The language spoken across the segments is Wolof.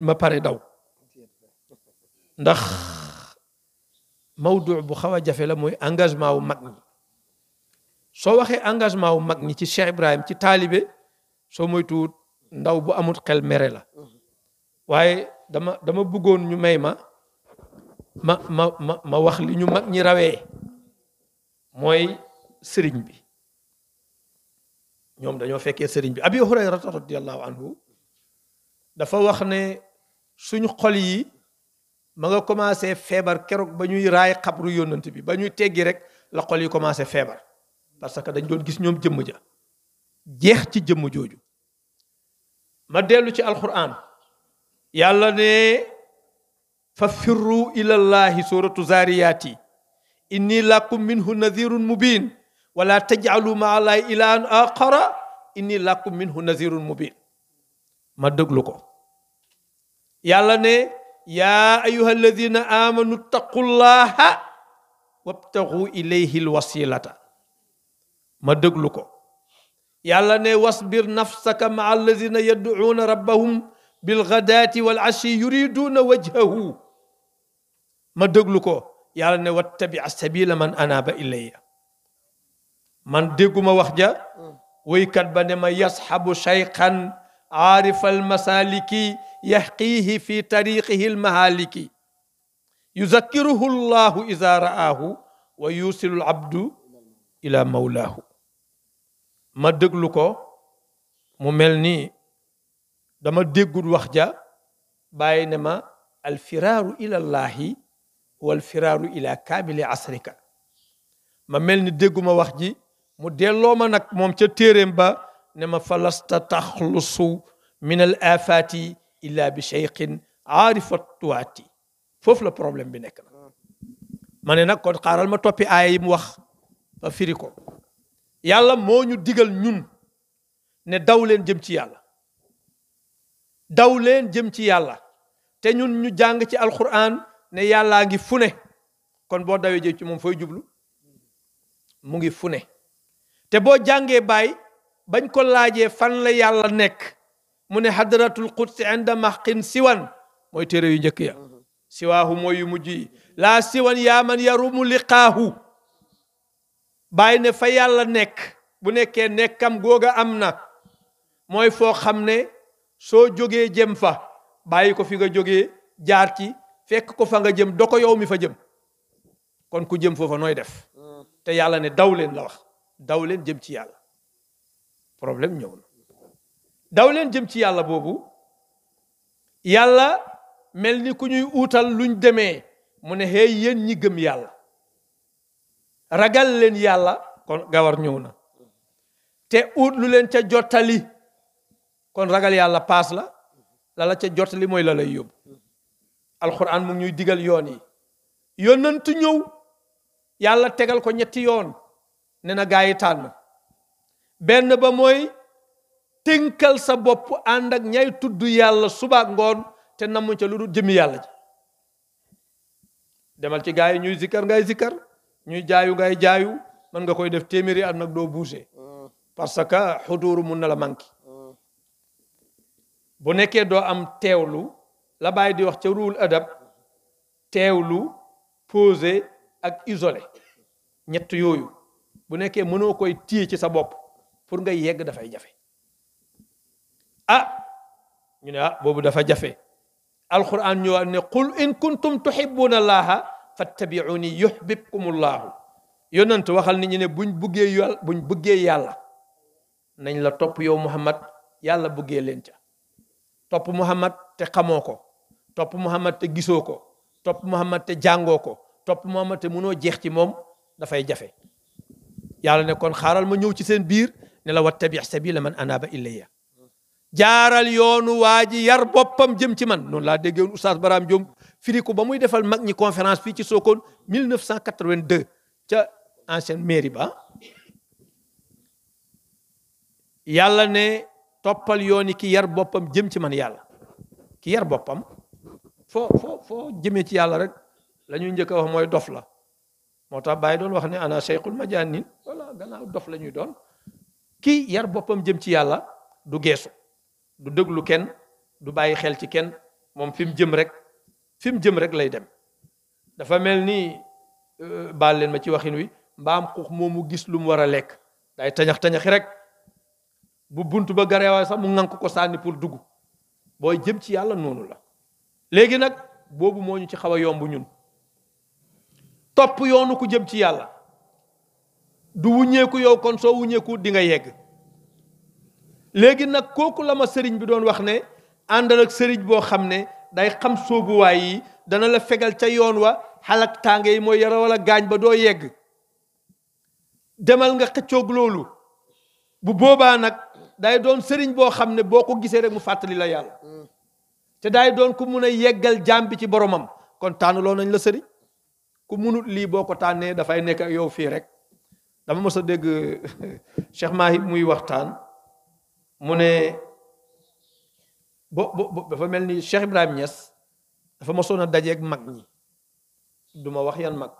ma pare daw ndax mawdu bu xaw a jafe la mooy engagement wu mag ñi soo waxee engagement wu mag ñi ci Cheikh Ibrahim ci taalibe soo moytuwut ndaw bu amut xel mere la waaye dama dama bëggoon ñu may ma ma ma ma ma wax li ñu mag ñi rawee mooy sëriñ bi ñoom dañoo fekkee sëriñ bi abi hurayrata radiallahu anhu dafa wax ne suñu xol yi ma nga commencé feebar keroog ba ñuy raay xabru yónnante bi ba ñuy teggi rek la xol yi commencé feebar parce que dañ doon gis ñoom jëmm ja jeex ci jëmm jooju ma dellu ci alquran yàlla ne fa firru ilallahi suratu zariyaati inni lakum minhu nadirun mubin wala tajalu ma la ilahan aqara inni lakum minhu nadirun mubin ma déglu ko يلا يا أيها الذين آمنوا اتقوا الله وابتغوا إليه الوسيلة ما دقلكو يلا واصبر نفسك مع الذين يدعون ربهم بالغداة والعشي يريدون وجهه ما دقلكو يلا واتبع السبيل من أناب إليه من ديكوما وخجا ويكاد بني ما يصحب شيخا عارف المسالكي يحقيه في طريقه المهالك يذكره الله إذا رآه ويوصل العبد إلى مولاه ما دغلوكو مملني ملني داما دغول وخجا باينما الفرار الى الله والفرار الى كامل عصرك ما ملني دغوما وخجي مدير ديلو ما نك موم تيريم با نما فلست تخلص من الافات illaa bi cheikhin aarifa tuwaati foofu la problème bi nekk na ma ne nag kon xaaral ma toppi aaya yi mu wax ba firi ko yàlla moo ñu digal ñun ne daw leen jëm ci yàlla daw leen jëm ci yàlla te ñun ñu jàng ci alquran ne yàllaa ngi fune kon boo dawee jëm ci moom fooy jublu mu ngi fune te boo jàngee baay bañ ko laajee fan la yàlla nekk mu ne hadratul quds inda mahqin siwan mooy téere yu njëkk ya siwaahu mooy yu mujj yi laa siwan yaa man yarumu liqaahu bàyyi ne fa yàlla nekk bu nekkee nekkam googa am na mooy foo xam ne soo jógee jëm fa bàyyi ko fi nga jógee jaar ci fekk ko fa nga jëm do ko yow mi fa jëm kon ku jëm foofa nooy def mm. te yàlla ne daw leen la wax daw leen jëm ci yàlla problème ñëw daw leen jëm ci yàlla boobu yàlla mel ni ku ñuy uutal luñ demee mu ne xëy yéen ñi gëm yàlla ragal leen yàlla kon gawar ñëw na te ut lu leen ca jottali kon ragal yàlla paas la lala ca jottali mooy la lay yóbbu alxuraan mu ñuy digal yoon yi yónnantu ñëw yàlla tegal ko ñetti yoon ne na gaa yi tànn benn ba mooy tënkal sa bopp ànd ak ñay tudd yàlla subaak ngoon te namu ca lu dul jëmi yàlla ji demal ci gaa yi ñuy zikkar ngay zikkar ñuy jaayu ngay jaayu man nga koy def téeméeri at nag doo bouger parce que xuduuru mun na la manqué bu nekkee doo am teewlu la baay di wax ca ruul adab teewlu pose ak isolé ñett yooyu bu nekkee mënoo koy téye ci sa bopp pour nga yegg dafay jafe ah ñu ne ah boobu dafa jafe alquran ñu ne qul in kuntum tuhibbuna allaha fattabi'uni yuhibbukum allah yonent waxal nit ñi ne buñ bëggé yàlla buñ bëggé yalla nañ la top yow muhammad yalla bëggé len ca top muhammad te xamoko top muhammad te gisoko top muhammad te jangoko ko muhammad te mëno jeex ci da fay jafe yalla ne kon xaaral ma ñëw ci seen biir ne la wattabi sabila man anaba ilayya jaaral yoonu waji yar boppam jëm ci man noonu laa déggoon oustaz Baram Diom firi ba muy defal mag ñi conférence fii ci Sokone 1982 ca ancienne mairie ba yàlla ne toppal yooni ki yar boppam jëm ci man yàlla ki yar boppam fo fo fo jëmee ci yàlla rek la ñuy njëkk a wax mooy dof la moo tax doon wax ne ana cheikhul majanin voilà gannaaw dof la ñuy doon ki yar boppam jëm ci yàlla du geesu du deglu ken du bayyi xel ci ken mom fim jëm rek fim jëm rek lay dem dafa melni ni euh, baal leen ma ci waxin wi mbam xux momu gis lu mu war day tañax tañaxi rek bu buntu ba garewaay sax mu ngank ko sànni pour dugg boy jëm ci yalla nonu la legi nak bobu moñu ci xawa a yomb ñun top yoonu ku jëm ci yalla du wuñeku yow kon so wuñeku di nga yegg léegi nag kooku la ma sëriñ bi doon wax ne àndal ak sëriñ boo xam ne day xam soobuwaay yi dana la fegal ca yoon wa xalak tànge yi mooy yara wala gaañ ba doo yegg demal nga xëccoog loolu bu boobaa nag day doon sëriñ boo xam ne boo ko gisee rek mu fàttali la yàlla te day doon ku mun a yeggal jaam bi ci boromam kon tànnaloo nañ la sëriñ ku munut lii boo ko tànnee dafay nekk ak yow fii rek dama mos a dégg Cheikh Mahi muy waxtaan mu ne bo bo dafa mel ni Cheikh Ibrahim Niass dafa mosoon a dajeek mag ñi duma wax yan mag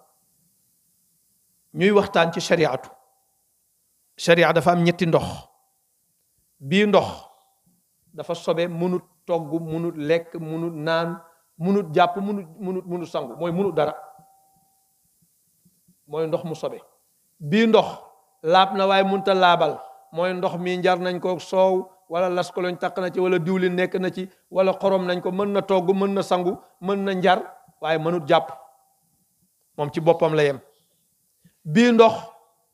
ñuy waxtaan ci shariatu sharia dafa am ñetti ndox bii ndox dafa sobe munut togg munut lekk munut naan munut jàpp munut munut sangu mooy munut dara mooy ndox mu sobe bii ndox laab na waaye munta laabal mooy ndox mi njar nañ koo soow wala las ko lañ taq na ci wala diwlin nekk na ci wala xorom nañ ko mën na togg mën na sangu mën na njar waaye mënut jàpp moom ci boppam la yem bii ndox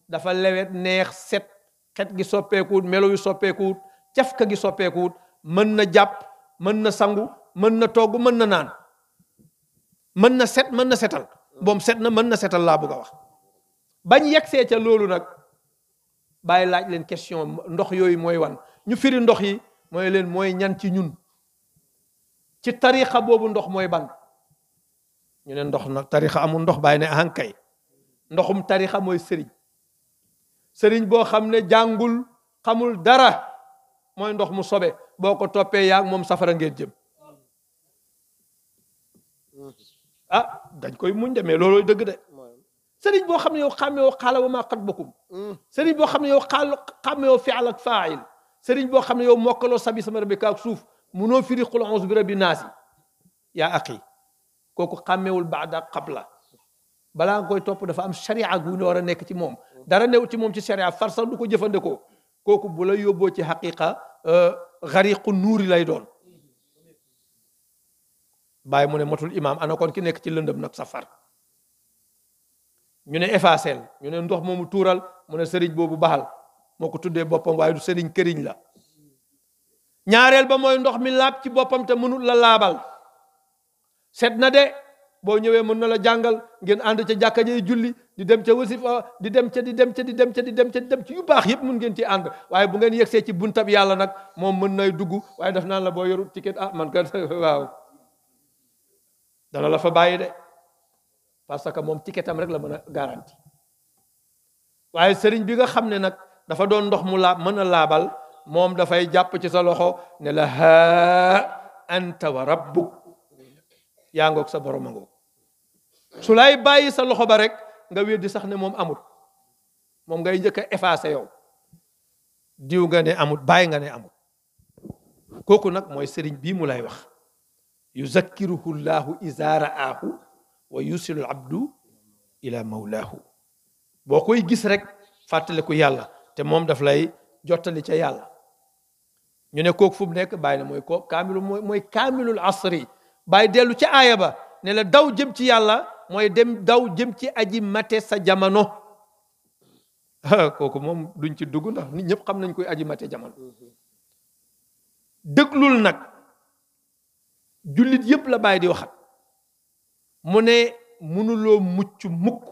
dafa lewet neex set xet gi soppeekuwut melo yu soppeekuwut cafka gi soppeekuwut mën na jàpp mën na sangu mën na togg mën na naan mën na set mën na setal boom set na mën na setal laa bëgg a wax bañ yegsee ca loolu nag bàyyi laaj leen question ndox yooyu mooy wan ñu firi ndox yi mooy leen mooy ñan ci ñun ci tarixa boobu ndox mooy ban ñu ne ndox nag tarixa amul ndox bàyyi ne ankay ndoxum tarixa mooy sëriñ sëriñ boo xam ne jàngul xamul dara mooy ndox mu sobe boo ko toppee yaag moom safara ngeen jëm ah dañ koy muñ demee loolooy dëgg de sëriñ boo xam ne yow xàmmewoo xaala wa maa xat bakum mm. sëriñ boo xam ne yow xaal xàmmewoo fial ak fail sëriñ boo xam ne yow mokkaloo sabi sama rabbi kaak suuf munoo firi xul onze bi rabbi naasi yaa aqi kooku xàmmewul baada qabla balaa nga koy topp dafa am sharia gu ne war a nekk ci moom dara new ci moom ci sharia far sax du ko jëfandikoo kooku bu la yóbboo ci xaqiqa euh, xariqu nuuri lay doon bàyyi mu ne matul imaam ana kon ki nekk ci lëndëm nag safar ñu ne effacer ñu ne ndox momu toural mu ne serigne bobu baxal moko tuddé bopam way du serigne këriñ la ñaarel ba moy ndox mi laab ci bopam te mënul la laabal set na dé bo ñëwé mën na la jangal ngeen and ci jakka jay julli di dem ci wasif di dem ci di dem ci di dem ci di dem ci di dem ci yu bax yépp mën ngeen ci and waye bu ngeen yegsee ci buntab yalla nak mom mën nay dugg waye daf naan la bo yoru ticket ah man ka waaw dala la fa bàyyi de parce que moom ticketam rek la mën a garanti waaye sëriñ bi nga xam ne nag dafa doon ndox mu laab mën a laabal moom dafay jàpp ci sa loxo ne la haa anta wa rabbuk yaa ngoog sa borom a ngoog su lay bàyyi sa loxo ba rek nga weddi sax ne moom amut moom ngay njëkk a yow diw nga ne amut bàyyi nga ne amut kooku nag mooy sëriñ bi mu lay wax yuzakkiruhu llahu iza raahu wa yusilul abdu ila mawlaahu boo koy gis rek ku yàlla te moom daf lay jottali ca yàlla ñu ne kooku fu mu nekk bàyyi na mooy ko kaamilu mooy kaamilu kaamilul asri bàyyi dellu ca aaya ba ne la daw jëm ci yàlla mooy dem daw jëm ci aji mate sa jamono ah, kooku moom duñ ci dugg ndax nit ñëpp xam nañ koy aji mate jamono déglul nag jullit yëpp la bàyyi di waxat mu ne mënuloo mucc mukk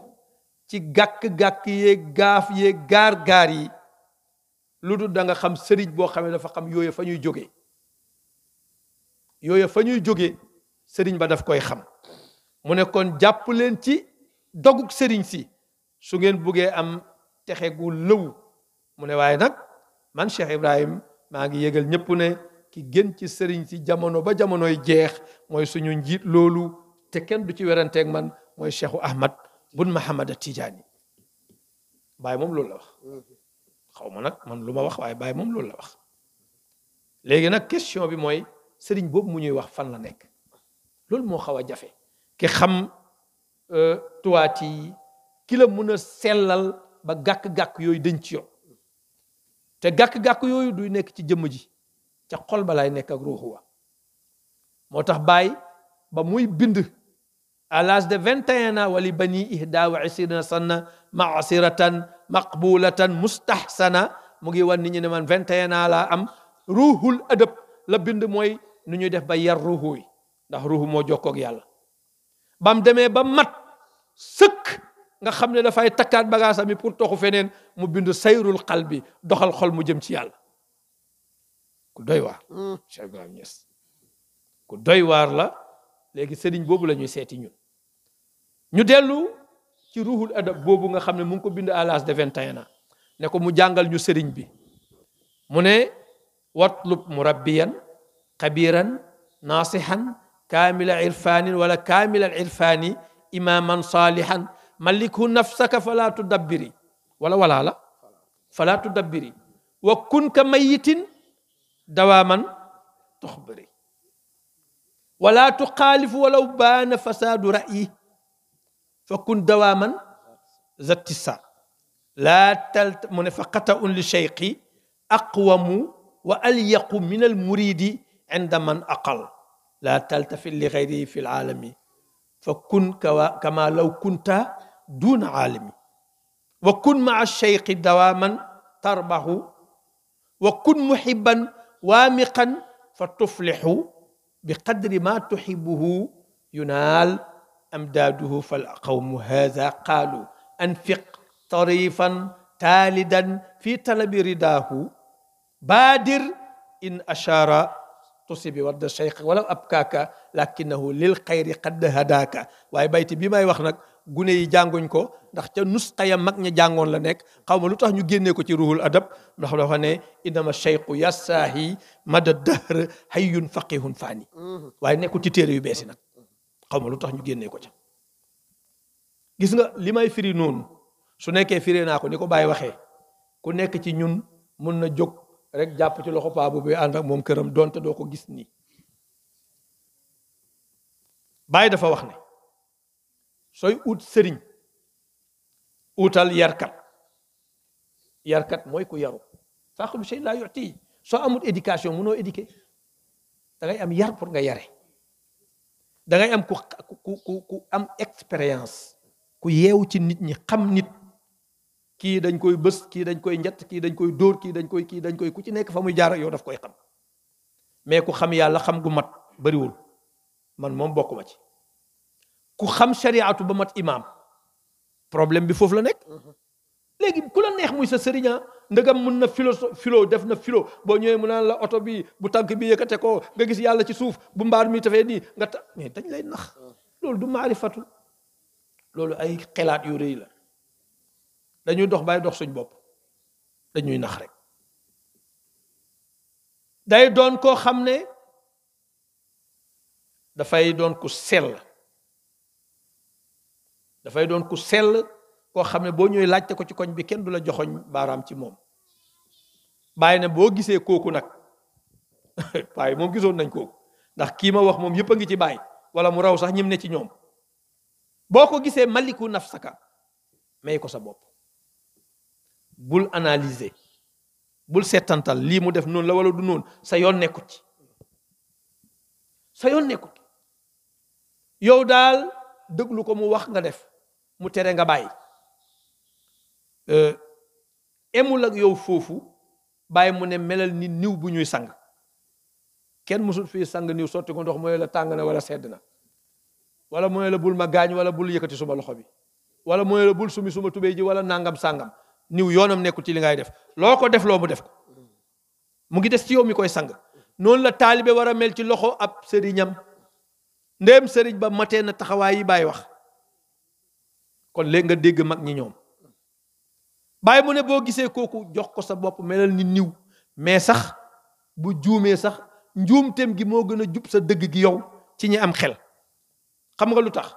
ci gàkk-gàkk yeeg gaaf yeeg gaar-gaar yi lu dul danga xam sëriñ boo xam ne dafa xam yooyu fa ñuy jóge yooyu fa ñuy jóge sëriñ ba daf koy xam mu ne kon jàpp leen ci dogug sëriñ si su ngeen buggee am texe gu lëw mu ne waaye nag man Cheikh Ibrahim maa ngi yëgal ñëpp ne ki gën ci sëriñ si jamono ba jamonoy jeex mooy suñu njiit loolu te kenn du ci weranteek man mooy cheikhu ahmad bun mahamad a tijaani baay moom loolu la wax xaw ma nag man lu ma wax waaye baay moom loolu la wax léegi nag question bi mooy sëriñ boobu mu ñuy wax fan la nekk loolu moo xaw a jafe ki xam euh, tuwaat yi ki la mun a sellal ba gàkk-gàkk yooyu dañ ci yow te gàkk-gàkk yooyu duy nekk ci jëmm ji ca xol ba lay nekk ak ruuxu wa moo tax baay ba muy bind à de de 21 ans wali bani ihda wa isrina sanna maasiratan maqbulatan mustahsana mu ngi wan ni ñi ne man 21 ans la am ruuhul adab la bind mooy nu ñuy def ba yar ruuhu ndax ruuhu moo jokkoog yàlla bam demee ba mat sëkk nga xam ne dafay takkaat bagaasam yi pour toxu feneen mu bind sayrul xal bi doxal xol mu jëm ci yàlla ku doy waar mm. ku doy waar la léegi sëriñ boobu la ñuy seeti ñun ñu dellu ci ruhul adab boobu nga xam ne mu ngi ko bind à l'âge de 21 ans ne ko mu jàngal ñu sëriñ bi mu ne watlub murabbiyan xabiran naasihan kaamila irfanin wala kaamila irfani imaman salihan malikhu nafsaka fala tudabbiri wala wala la fala tudabbiri wa kun ka mayitin dawaman tuxbiri wala tuxaalifu walaw baana fasadu ra'yi فكن دواما ذا اتساع لا تلت من فقطع لشيقي أقوم وأليق من المريد عند من أقل لا تلتفت لغيره في العالم فكن كما لو كنت دون عالم وكن مع الشيخ دواما تربه وكن محبا وامقا فتفلح بقدر ما تحبه ينال أمداده فالقوم هذا قالوا أنفق طريفا تالدا في طلب رداه بادر إن أشار تصيب ورد الشيخ ولو أبكاك لكنه للخير قد هداك واي بيت بما يوخنك gune yi jànguñ ko ndax ca nusqa ya mag ña jàngoon la nekk xaw ma lu tax ñu génne ko ci ruhul adab ndax dafa ne inama cheyqu yasaahi mada dahr hayyun faqihun faani waaye nekku ci téere yu beesi nag xaw ma lu tax ñu génnee ko ca gis nga li may firi noonu su nekkee firee naa ko ni ko bàyyi waxee ku nekk ci ñun mun na jóg rek jàpp ci loxo paa boobu ànd ak moom këram donte doo ko gis nii bàyyi dafa wax ne sooy ut sëriñ utal yarkat yarkat mooy ku yaru faaxulu shay laa yotti soo amul éducation mënoo éduquer da am yar pour nga yare da ngay am ku ku ku am expérience ku yeew ci nit ñi xam nit kii dañ koy bës kii dañ koy njett kii dañ koy dóor kii dañ koy kii dañ koy ku ci nekk fa muy jaar ak yow daf koy xam mais ku xam yàlla xam gu mat bariwul man moom ma ci ku xam shariatu ba mat imaam problème bi foofu la nekk. Mhm. léegi ku la neex muy sa sëriñ ah, ndegam mun na filo filo def na filo boo ñëwee mu naan la oto bi bu tànk bi yëkkate ko nga gis yàlla ci suuf bu mbaar mi tafee nii nga ta mais dañ lay nax loolu du maarifatu loolu ay xelaat yu rëy la dañuy dox bàyyi dox suñ bopp dañuy nax rek day doon koo xam ne dafay doon ku sell dafay doon ku sell koo xam ne boo ñëwee laajte ko ci koñ bi kenn du la joxoñ baaraam ci moom bàyyi na boo gisee kooku nag waaye moom gisoon nañ kooku ndax kii ma wax moom yëpp a ngi ci bàyyi wala mu raw sax ñim ne ci ñoom boo ko gisee maliku nafsaka may ko sa bopp bul analyser bul seetantal lii mu def noonu la wala du noonu sa yoon nekku ci sa yoon nekku ci yow daal déglu ko mu wax nga def mu tere nga bàyyi Euh, emul ak yow foofu bàyyi mu ne melal ni niw bu ñuy sang kenn musul fii sang niw sotti ko ndox mooy la tàng na wala sedd na wala mooy la bul ma gaañ wala bul yëkkati suma loxo bi wala mooy la bul sumi suma tubéy ji wala nangam sangam niw yoonam nekkul ci li ngay def loo ko def loo mu def ko mu ngi des ci yow mi koy sang noonu la taalibe war a mel ci loxo ab sëriñam ndéem sëriñ ba matee na taxawaay yi bàyyi wax kon léegi nga dégg mag ñi ñoom bàyyi mu ne boo gisee kooku jox ko sa bopp melal ni niw mais sax bu juumee sax njuum njuumteem gi moo gën a jub sa dëgg gi yow ci ñi am xel xam nga lu tax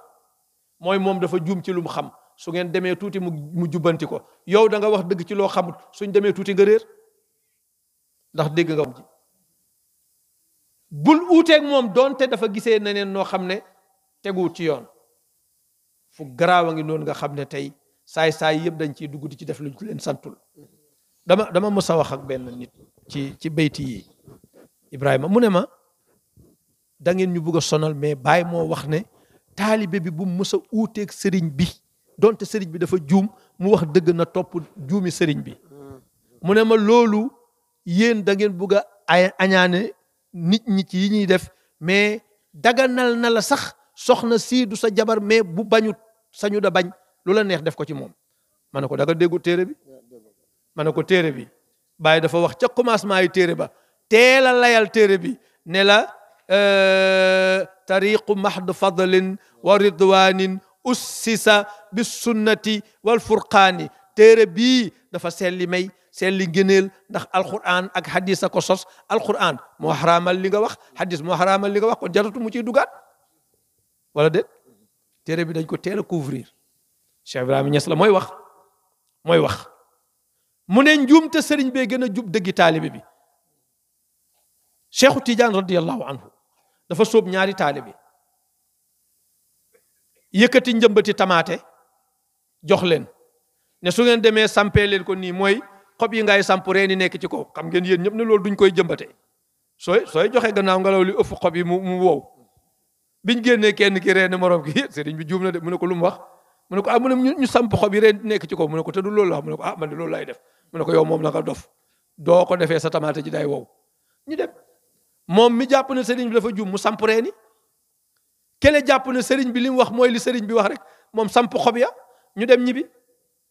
mooy moom dafa juum ci lu xam su ngeen demee tuuti mu mu jubbanti yow da wax dëgg ci loo xamut suñ demee tuuti nga réer ndax dëgg nga ji bul uuteeg moom doonte dafa gisee neneen noo xam ne teguwut ci yoon fu garaaw ngi noonu nga xam ne tey saay-saay yëpp dañ ciy dugg di ci def luñ ko leen santul dama dama mës a wax ak benn nit ci ci bayti yi Ibrahima mu ne ma da ngeen ñu bëgg a sonal mais Baye moo wax ne taalibe bi bu mu mës a uuteeg sëriñ bi donte sëriñ bi dafa juum mu wax dëgg na topp juumi sëriñ bi mu ne ma loolu yéen da ngeen bëgg a añaane nit ñi ci yi ñuy def mais daganal na nala sax soxna sii du sa jabar mais bu bañut sañu da bañ lula neex def ko ci mom manako da nga degu téré bi manako téré bi baye dafa wax ci commencement yi téré ba teel a layal téré bi ne la euh tariq mahd fadl wa ridwan ussisa bis sunnati wal furqani téré bi dafa selli may selli ngeenel ndax alquran ak hadith ak ko sos alquran mo xaraamal li nga wax hadith mo xaraamal li nga wax ko jaratu mu ci dugat wala déet téré bi dañ ko teel couvrir Cheikh Ibrahima Niass la mooy wax mooy wax mu ne njuumte sëriñ bee gën a jub dëggi taalibe bi Cheikhu Tidiane radiallahu anhu dafa sóob ñaari taalibe yëkkati njëmbati tamaate jox leen ne su ngeen demee sampee leen ko nii mooy xob yi ngay samp reen yi nekk ci kaw xam ngeen yéen ñëpp ne loolu duñ koy jëmbatee sooy sooy joxe gannaaw ngelaw li ëpp xob yi mu mu wow biñ génnee kenn ki reen moroom ki sëriñ bi juum na de mu ne ko lu mu wax mu ne ko ah mu ne ñu samp xob yi ren nekk ci ko mu ne ko te du loolu la ah, man de loolu def mu ne ko yow moom na nga dof doo ko defee sa tamaate ji day wow ñu dem moom mi jàpp na sëriñ bi dafa jum mu samp reeni kele jàpp na sëriñ bi li mu wax mooy li sëriñ bi wax rek moom samp xob ya ñu dem ñibi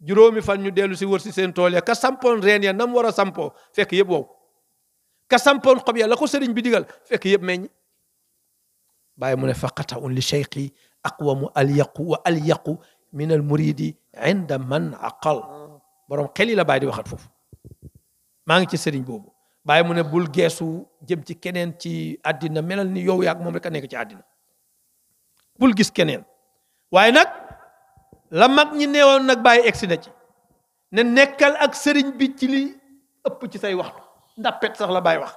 juróomi fan ñu dellu si wër si seen tool ya ka sampoon reen ya nam war a sampoo fekk yëpp wow ka sampoon xob ya la ko sëriñ bi digal fekk yëpp meññ bàyyi mu ne faqata un li cheikhi aqwamu al yaqu wa al yaqu min al muridi inda man aqal borom xel yi la bàyyi di waxat foofu maa ngi ci sëriñ boobu bàyyi mu ne bul geesu jëm ci keneen ci àddina melal ni yow yaag moom rek a nekk ci àddina bul gis keneen waaye nag la mag ñi neewoon nag bàyyi egsi na ci ne nekkal ak sëriñ bi ci li ëpp ci say waxtu ndax pet sax la bàyyi wax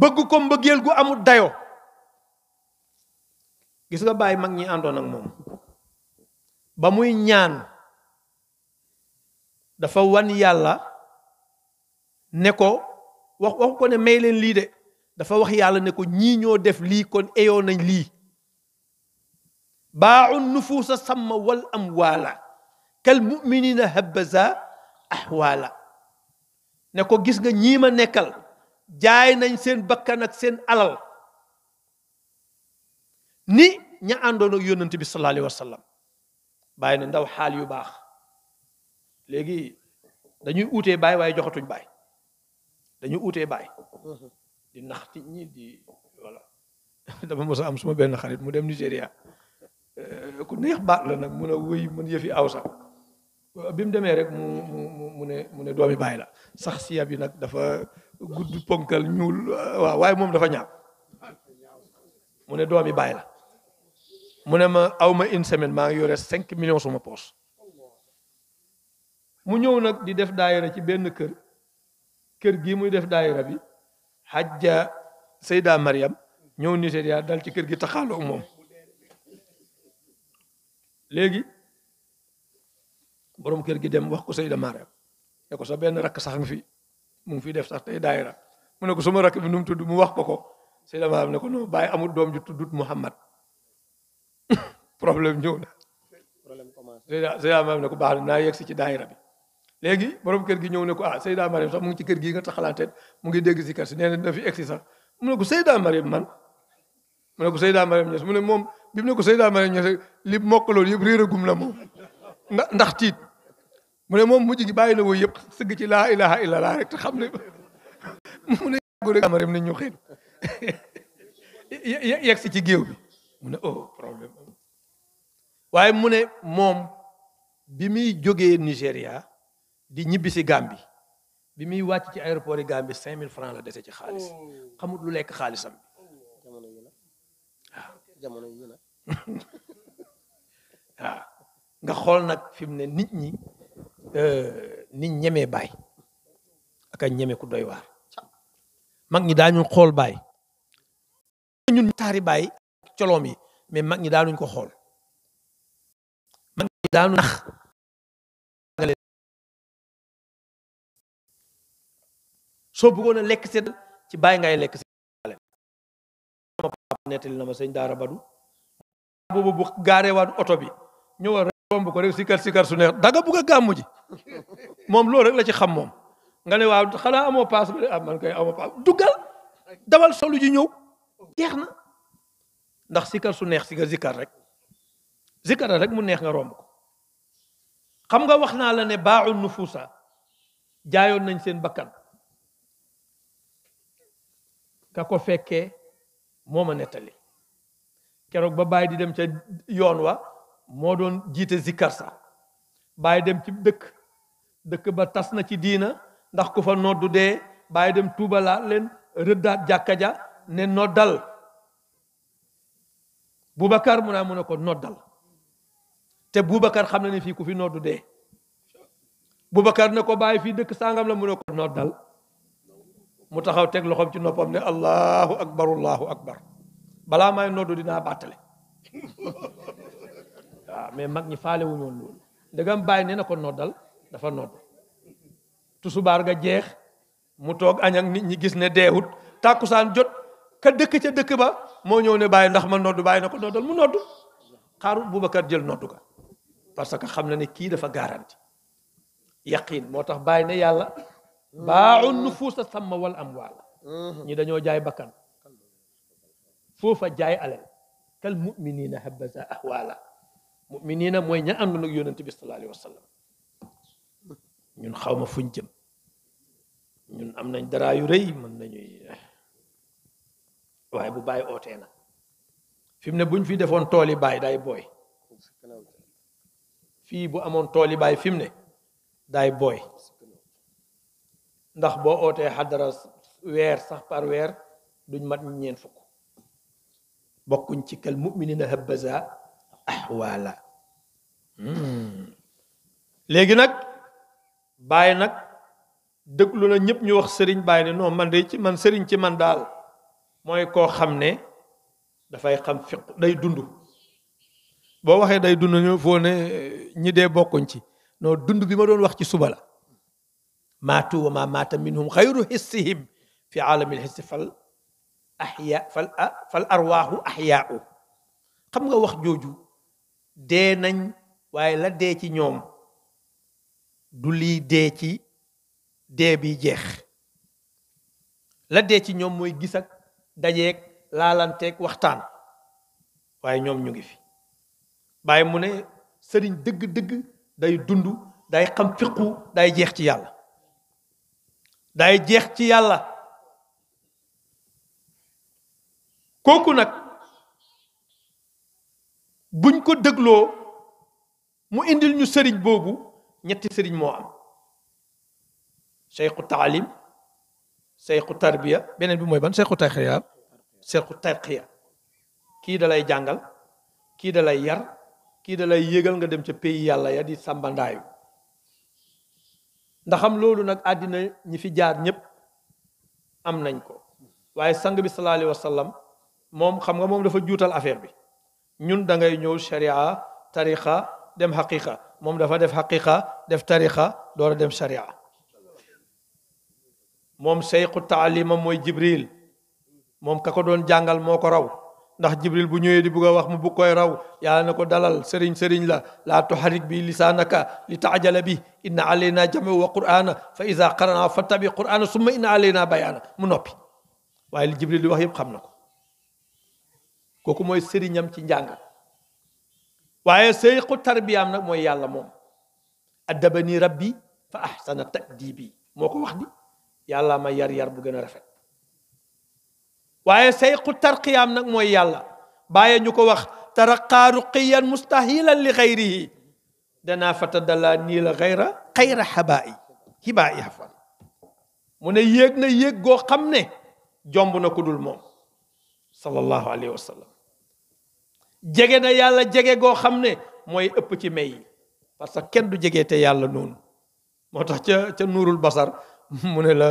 bëgg ko mbëggeel gu amul dayo gis nga bàyyi mag ñi àndoon ak moom ba muy ñaan dafa wan yàlla ne ko wax wax ko ne may leen lii de dafa wax yàlla ne ko ñii ñoo def lii kon eyoo nañ lii baaxu nufuusa sàmm wal amwaala kal muminina habbaza ahwaala ne ko gis nga ñiima nekkal jaay nañ seen bakkan ak seen alal ni ña àndoon ak yónnante bi sallallahu alayhi wa sallam bàyyi na ndaw xaal yu baax léegi dañuy uutee baay waaye joxatuñ baay dañuy uutee baay di nax ti ñi di voilà dama mos a am suma benn xarit mu dem Nigéria eh, ku neex baat la nag mun a wëy mën yëfi sax bi mu demee rek mu mu mu ne mu ne doomi baay la sax siya bi nag dafa gudd ponkal ñuul waaw waaye moom dafa ñaaw mu ne doomi baay la mu ne ma aw ma une semaine maa ngi yore cinq millions suma poos mu ñëw nag di def daayira ci benn kër kër gii muy def daayira bi Hajja Seyda Mariam ñëw Nigéria dal ci kër gi taxaaloo ak moom léegi borom kër gi dem wax ko Seyda Mariam eko ko sa benn rakk sax nga fi mu ngi fiy def sax tey daayira mu ne ko suma rakk bi nu mu tudd mu wax ko ko Seyda Mariam ne ko non bàyyi amul doom ju tuddut Muhammad problème ñëw na Seyda Mariam ne ko baax na naa yegg si ci daayira bi léegi borom kër gi ñëw ne ko ah Seyda Mariam sax mu ngi ci kër gii nga taxalaateen mu ngi dégg si kër si nee na fi egg si sax mu ne ko Seyda Mariam man mu ne ko Seyda Mariam Ñas mu ne moom mu ne ko Seyda Mariam Ñas li mokkaloon yëpp réer a ndax tiit mu ne moom mujj gi bàyyi na woo yëpp sëgg ci laa ilaha illa rek te xam ne mu ne ko Mariam ne ñu xëy yegg si ci géew mu ne oh waaye mu ne moom bi muy jógee Nigéria di ñibbisi si Gàmbi bi muy wàcc ci aéroport yi Gàmbi cinq mille francs la dese ci xaalis oh. xamut lu lekk xaalisam jamono oh. jamono yi la ah. ah. nga xool nag fi mu ne nit ñi euh, nit ñemee baay ak ñeme ku doy waar mag ñi daañu xool baay ñun taari baay coloom yi mais mag ñi daanuñ ko xool mag daal daanu nax soo bëggoon a lekk sedd ci bàyyi ngay lekk sedd sama na ma sëñ daara badu boobu bu gaaree waat oto bi ñëwal rek romb ko rek sikar sikar su neex danga bugg a gàmmu ji moom loolu rek la ci xam moom nga ne waaw xanaa amoo paas ba de ah man kay amoo paas duggal dawal solu ji ñëw jeex na ndax sikar su neex si nga zikar rek zikara rek mu neex nga romb ko xam nga wax naa la ne baaxul nufusa jaayoon nañ seen bakkan ka ko fekkee moo ma nettali keroog ba bàyyi di dem ca yoon wa moo doon jiite zikar sa bàyyi dem ci dëkk dëkk ba tas na ci diina ndax ku fa noddu dee bàyyi dem tuubalaat leen rëddaat jàkka ja ne noddal Bubakar mu naa mu ne ko noddal te Boubacar xam na ne fii ku fi noddu dee Boubacar ne ko bàyyi fii dëkk sangam la mu ko noddal mu taxaw teg loxom ci noppam ne allahu akbar allahu akbar balaa may noddu dinaa bàttale waaw mais mag ñi faale wu ñoon loolu ndegam bàyyi na ko noddal dafa nodd tusubaar ga jeex mu toog snede nit ñi gis ne deewut jot ka dëkk ca dëkk ba moo ñëw ne bàyyi ndax ma noddu bàyyi na ko noddal mu noddu xaarul Boubacar jël noddu ga parce que xam na ne kii dafa garanti yaqiin moo tax bàyyi ne yàlla baaxul nufuusa sàmm wal amwaal mhm. ñi dañoo jaay bakkan a jaay ale kal muminina habaza ahwaala muminina mooy ña àndoon ak yonent bi sallallahu alayhi wa sallam ñun xaw ma fuñ jëm ñun am nañ daraa yu rëy mën nañuy waaye bu oh. bàyyi ootee na fi mu ne buñ fi defoon tooli baay day booy fii bu amoon tooli baay fi mu ne day booy ndax boo ootee xadara weer sax par weer duñ mat ñeent fukk bokkuñ ci kal muminina habaza ahwala hmm. léegi nag bàyyi nag déglu na ñëpp ñu wax sëriñ bàyyi ne non man de ci man sëriñ ci man daal moy ko xamne da fay xam fiq day dund bo waxe day dund ñu fo ne ñi de bokkuñ ci no dund bi ma doon wax ci suba la matu wa ma mata minhum khayru hissihim fi alamil lhissi fal ahya fal fal arwah ahya xam nga wax joju de nañ waye la de ci ñom du li de ci de bi jeex la de ci ñom moy gis ak dajeek laalanteeg waxtaan waaye ñoom ñu ngi fi bàyyi mu ne sëriñ dëgg-dëgg day dund day xam fiqu day jeex ci yàlla day jeex ci yàlla kooku nag buñ ko dégloo mu indil ñu sëriñ boobu ñetti sëriñ moo am cheikhu taalim seyxu tarbiya beneen bi mooy ban seyxu tarqiya seyxu tarqiya kii da lay jàngal kii da lay yar kii da lay yëgal nga dem ca pays yàlla ya di sàmbandaayu ndaxam loolu nag àddina ñi fi jaar ñépp am nañ ko waaye sang bi sallallahu alayhi wasallam moom xam nga moom dafa juutal affaire bi ñun da ngay ñëw sharia tariqa dem haqiqa moom dafa def haqiqa def tariqa door dem sharia moom seyqu taalimam mooy jibril moom ka ko doon jàngal moo raw ndax jibril bu ñëwee di bëgg a wax mu bu koy raw yàlla na ko dalal sëriñ sëriñ la laa tuharik bi lisaanaka li taajala bi inna alayna jamu wa qur'ana fa iza qarana fa tabi qur'ana summa inna alayna bayana mu noppi waaye li jibril di wax yëpp xam na ko kooku mooy sëriñam ci njàngal waaye seyqu tarbiyaam nag mooy yàlla moom addabani rabbi fa ahsana tadibi moo ko wax di yàlla ma yar yar bu gën a rafet waaye sayqu tarqiyaam nag mooy yàlla bàyyi ñu ko wax taraqaa ruqiyan mustahilan li xayrihi danaa fatadala nii la xayra xayra xabaayi xibaayi afan mu ne yéeg na yéeg goo xam ne jomb na ku dul moom sallallahu alayhi wa jege na yàlla jege goo xam ne mooy ëpp ci may yi parce que kenn du jege te yàlla noonu moo tax ca ca nuurul basar mu ne la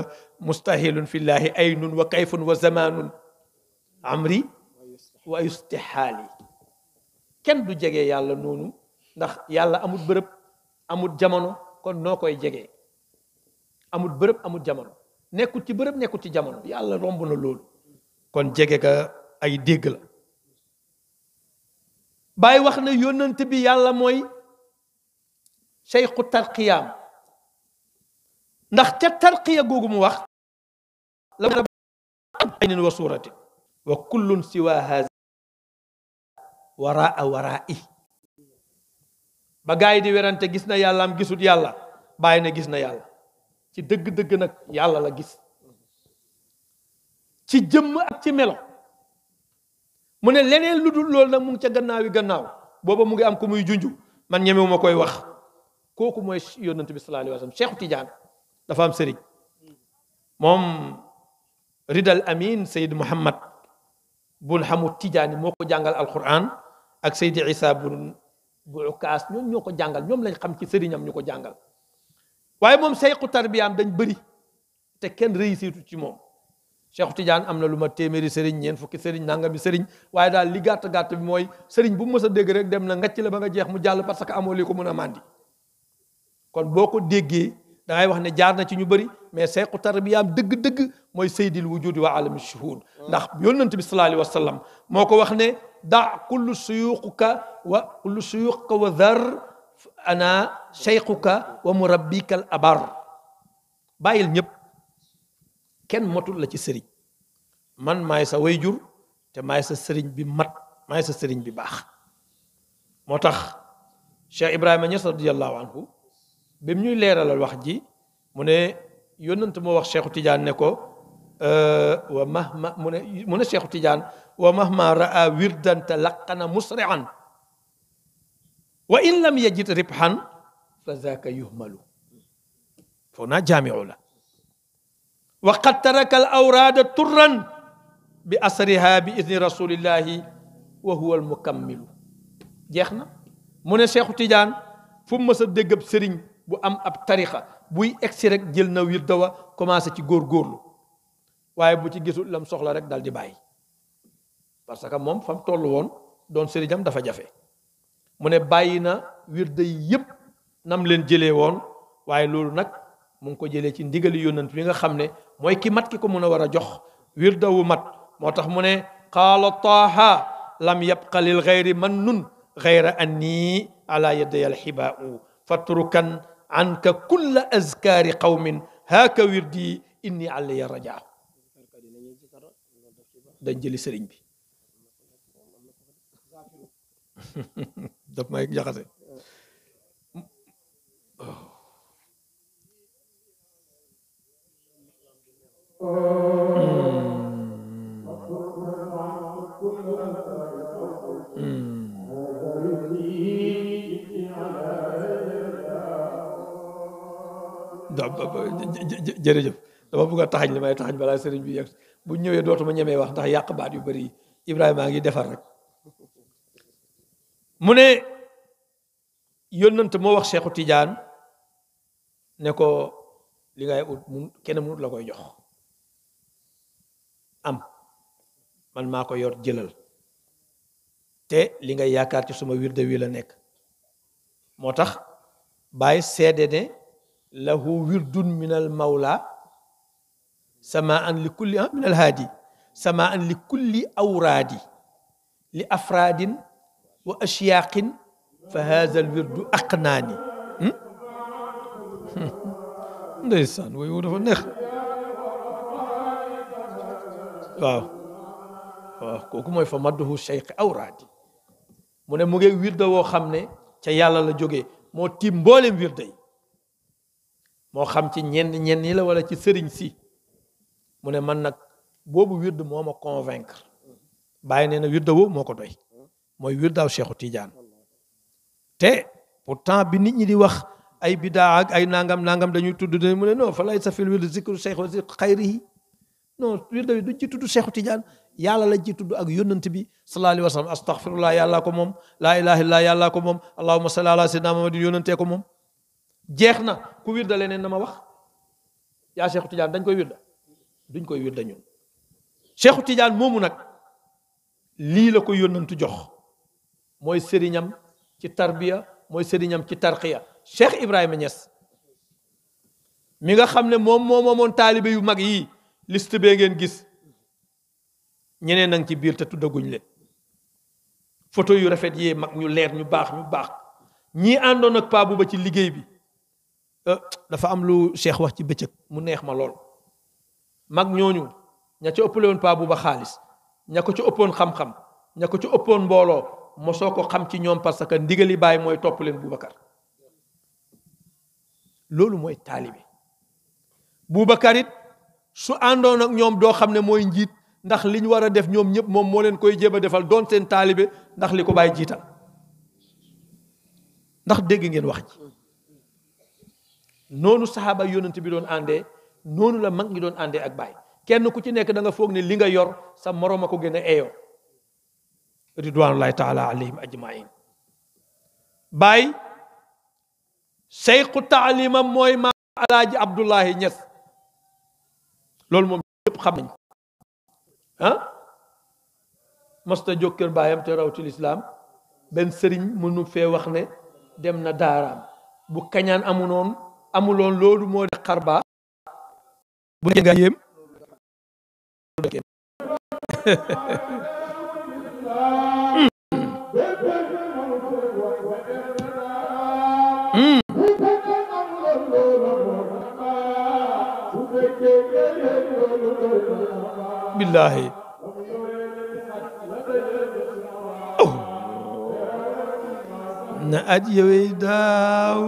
fi fillahi aynun wa kayfun wa zamanun amri wa yustihaali kenn du jege yàlla noonu ndax yàlla amul bërëb amul jamono kon noo koy jege amut bërëb amul jamono nekkul ci bërëb nekkul ci jamono yàlla romb na loolu kon jege ka ay dégg la bàyyi wax na yónnante bi yàlla mooy seyxu tarqiyaam ndax ca tarqiya googu mu wax la aynin wa suuratin wa kullun siwa ba gaa di werante gis na yàlla am gisut yàlla bàyyi na gis na yàlla ci dëgg-dëgg nag yàlla la gis ci jëmm ak ci melo mu ne leneen lu dul lool nag mu ngi ca gannaaw gannaaw booba mu ngi am ku muy junju man ñemewuma koy wax kooku mooy yónnante bi sallallahu alayhi wa sallam dafa am sëriñ moom ridal amin sayid muhammad bun xamut tijaani moo ko jàngal al alquran ak sayid isa bun bu kaas ñoom ñoo ko jàngal ñoom lañ xam ci sëriñam ñu ko jàngal waaye moom seyqu tarbiyaam dañ bëri te kenn réussitu ci moom Cheikh Tidiane am na lu ma téeméeri sëriñ ñeen fukki sëriñ nangami sëriñ waaye daal li gàtt gàtt bi mooy sëriñ bu mu mës a dégg rek dem na ngacc la ba nga jeex mu jàll parce que amoo li ko mën a màndi kon boo ko déggee da ngay wax ne jaar na ci ñu bari mais seequ tarbiyaam dëgg-dëgg mooy saydil wujudi wa alami shuhud ndax yonent bi sallallahu alayhi wa sallam moo ko wax ne da kullu suyuquka wa kullu suyuquka wa dhar ana cheikhuka wa murabbika al abar bàyyil ñëpp kenn motul la ci sëriñ man maay sa wayjur te maay sa sëriñ bi mat maay sa sëriñ bi baax moo tax Cheikh Ibrahima Niass radiyallahu anhu bi mu ñuy leeralal wax ji mu ne yónnant moo wax Cheikhu Tidiane ne ko wa mahma mu ne mu ne Cheikhu Tidiane wa mahma raa wirdan talaqana musri'an wa in lam yajid ribhan fa zaka yuhmalu fo naa jaamiu la wa qad taraka al awrada turran bi asriha bi idni rasulillahi wa huwa al mukammilu jeex na mu ne Cheikhu Tidiane fu mu mës a dégg ab sëriñ bu am ab tarixa buy egsi rek jël na wirda wa commencé ci góor-góorlu waaye bu ci gisul lam soxla rek dal di bàyyi parce que moom fam toll woon doon sëriñam dafa jafe mu ne bàyyi na wiir yi yépp nam leen jëlee woon waaye loolu nag mu ko jëlee ci ndigali yónnant bi nga xam ne mooy ki mat ki ko mun a war a jox wirda wu mat moo tax mu ne qaala taaha lam yabqa lil gayri man nun gayra annii ala yadaya alxibaau fatrukan عنك كل أذكار قوم هاك وردي إني علي رجع دنجلي سرين بي دب ما يجاخسي Oh. jërëjëf dama bugg a taxañ li may taxañ balaa sëriñ bi yegg bu ñëwee dootuma ñemee wax ndax yàq baat yu bari yi Ibrahima ngi defar rek mu ne yónnant moo wax Seexu tiijaan ne ko li ngay ut mun kenn munut la koy jox am man maa ko yor jëlal te li ngay yaakaar ci suma wirde wi la nekk moo tax bàyyi seede ne له ورد من المولى سماء لكل آه، من الهادي سماء لكل اورادي لأفراد وأشياق فهذا الورد أقناني ديسان ويقول في النخ واو واو كوكو ما يفهم مدوه شيخ أوراد من موجي ورد وخمنه تيالا لجوجي مو تيم بولم وردي moo xam ci ñenn ñenn ñi la wala ci sëriñ si mu ne man nag boobu wird moo ma convaincre bàyyi nee na wird moo ko doy mooy wird daaw Cheikhu Tidiane te pourtant bi nit ñi di wax ay bidaa ak ay nangam nangam dañuy tudd dañu mu ne non fa lay safil wird zikru Cheikhu xayrihi non wird bi du ci tudd Cheikhu Tidiane yàlla lañ ci tudd ak yónnant bi sallallahu alayhi wa sallam astaghfirullah yàllaa ko moom laa ilaha illallah yàllaa ko moom allahumma salli ala sayyidina muhammadin yónnantee ko moom jeex na ku wirda leneen na ma wax yaa Cheikhu Tidiane dañ koy wirda duñ koy wirda ñun Cheikhu tiijaan moomu nag lii la ko yónnantu jox mooy sëriñam ci tarbiya mooy sëriñam ci tarqiya Cheikh Ibrahima Niass mi nga xam ne moom moo moomoon taalibe yu mag yi liste bee ngeen gis ñeneen nang ci biir te tuddaguñ leen photo yu rafet yee mag ñu leer ñu baax ñu baax ñii àndoon ak paa ba ci liggéey bi Euh, dafa am lu Cheikh wax ci bëccëg mu neex ma lool mag ñooñu ña ca ëppale woon paa buuba xaalis ña ko ci ëppoon xam-xam ña ko ci ëppoon mbooloo mosoo ko xam ci ñoom parce que ndigali baay mooy topp leen Boubacar loolu mooy taalibe Boubacar it su àndoon ak ñoom doo xam ne mooy njiit ndax li ñu war a def ñoom ñëpp moom moo leen koy jéem a defal doon seen taalibe ndax li ko bàyyi jiital ndax dégg ngeen wax ji noonu saxaaba yonent bi doon àndee noonu la mag ngi doon àndee ak baay kenn ku ci nekk danga foog ne li nga yor sa moroom a ko gën a eeyoo ridwanullahi taala alayhim ajmain baay seyqu taalimam mooy maam alaaji abdullahi ñes loolu moom yëpp xam nañ ah masta jóg baayam te rawti lislaam benn sëriñ mënu fee wax ne dem na daaraam bu kañaan amunoon amuloon loolu moo na aj daaw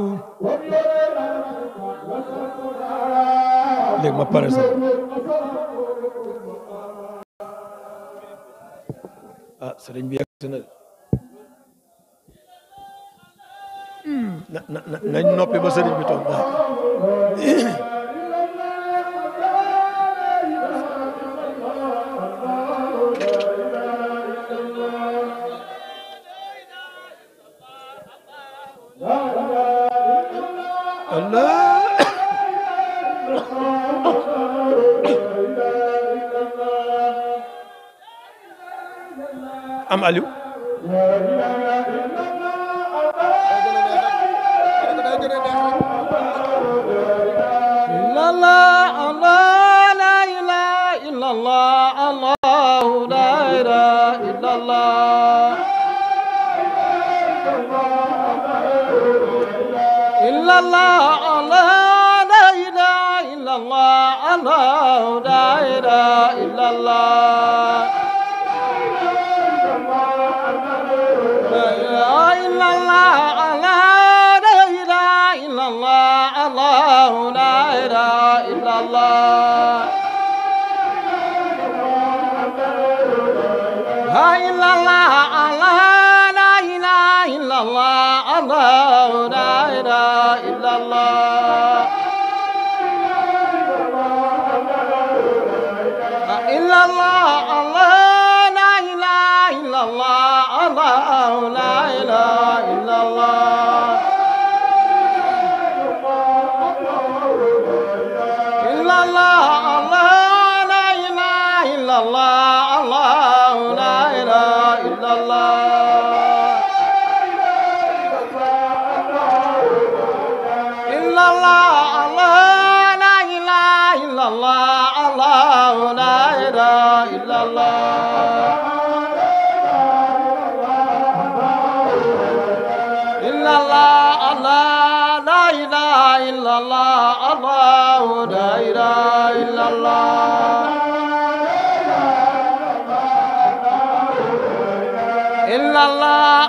léegi ma pare sax ah sëriñ bi yegsi hmm. na na na noppi ba sëriñ bi toog am Aliou. الله الله الله لا إله إلا الله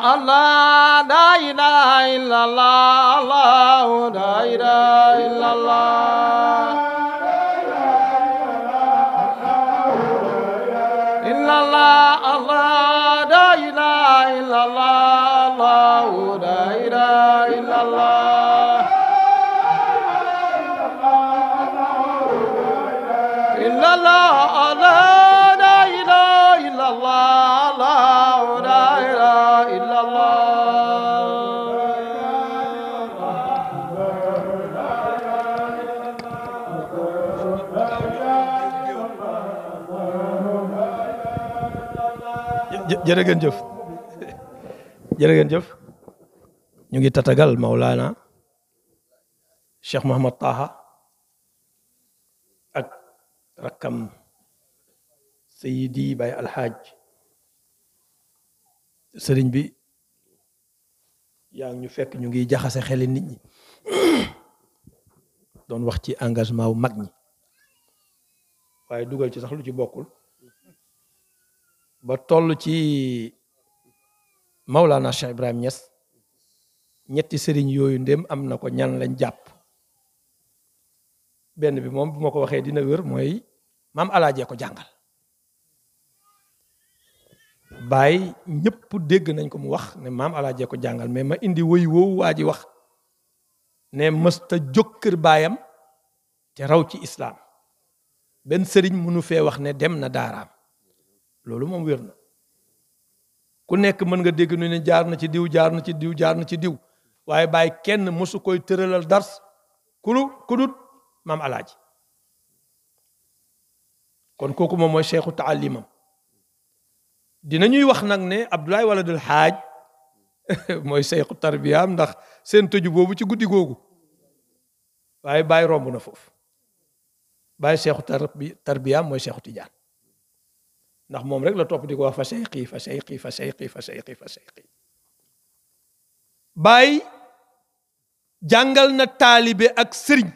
Allah, dai dai la la, Allah, dai dai la jërë ngeen jëf ñu ngi tatagal Maulana Cheikh Mouhamad Taha ak rakkam Seydi Baye Alhaaj sëriñ bi yaa ngi ñu fekk ñu ngi jaxase xeli nit ñi doon wax ci engagement wu mag ñi waaye dugal ci sax lu ci bokkul ba toll ci Maulana Cheikh Ibrahim Niass ñetti sëriñ yooyu ndem am na ko ñan lañ jàpp benn bi moom bu ma ko waxee dina wër mooy maam alaajee ko jàngal bàyyi ñëpp dégg nañ ko mu wax ne maam alaajee ko jàngal mais ma indi woy woowu waa ji wax ne mësta jóg kër baayam te raw ci islaam benn sëriñ mënu fee wax ne dem na daaraam loolu moom wér na ku nekk mën nga dégg nu ni jaar na ci diw jaar na ci diw jaar na ci diw waaye bàyyi kenn mosu koy tëralal dars kulu kudut maam alaaji kon kooku moom mooy seexu taalimam dina ñuy wax nag ne Abdoulaye Waladul Haaj mooy seexu tarbiyaam ndax seen tëju boobu ci guddi googu waaye bàyyi romb na foofu bàyyi seexu tarbiyaam mooy seexu tijaan ndax moom rek la topp di ko wax fasayqi fasayqi fasayqi fasayqi fasayqi sayqi bàyyi jàngal na taalibe ak sëriñ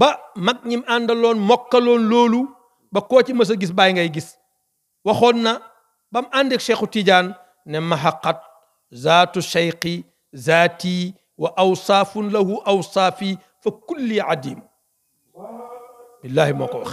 ba mag ñim àndaloon mokkaloon loolu ba koo ci mës a gis bàyyi ngay gis waxoon na ba mu ànd ak cheikhu Tidiane ne mahaqat zaatu shayqi zaati wa awsaafun lahu awsaafi fa kulli adim billahi moo ko wax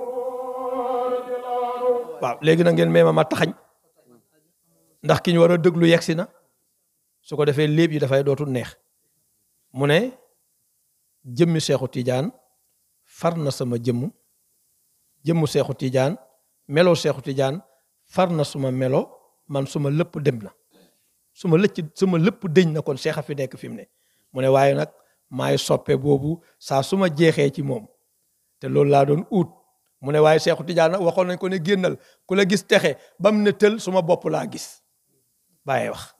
waaw léegi na ngeen may ma ma taxañ ndax ki ñu war a déglu yegsi na su ko defee léeb yi dafay dootul neex mu ne jëmmi seexu tiijaan far na sama jëmm jëmmu seexu tiijaan melo seexu tijaan far na suma melo man suma lëpp dem na suma lëcc suma lëpp dëñ na kon seexa fi nekk fi mu ne mu ne waaye nag maay soppe boobu saa suma jeexee ci moom te loolu laa doon uut mune way waaye tidiane waxon nag nañ ko ne génnal ku la gis texe bam ne tël suma bop la gis baye wax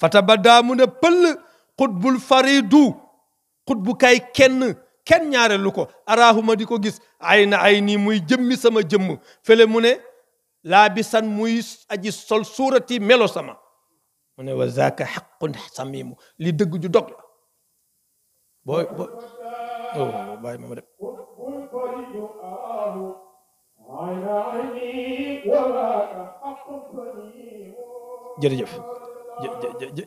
fatabada mune pel qutbul faridu qutbu kay kenn kenn ñaareelu luko arahuma diko gis ayna ayni muy jëmmi sama jëmm fële mune labisan muy aji sol surati melo sama mune wa zaaka haqqun samimu li deug ju dog boy boy oh baye ma dem jërëjëf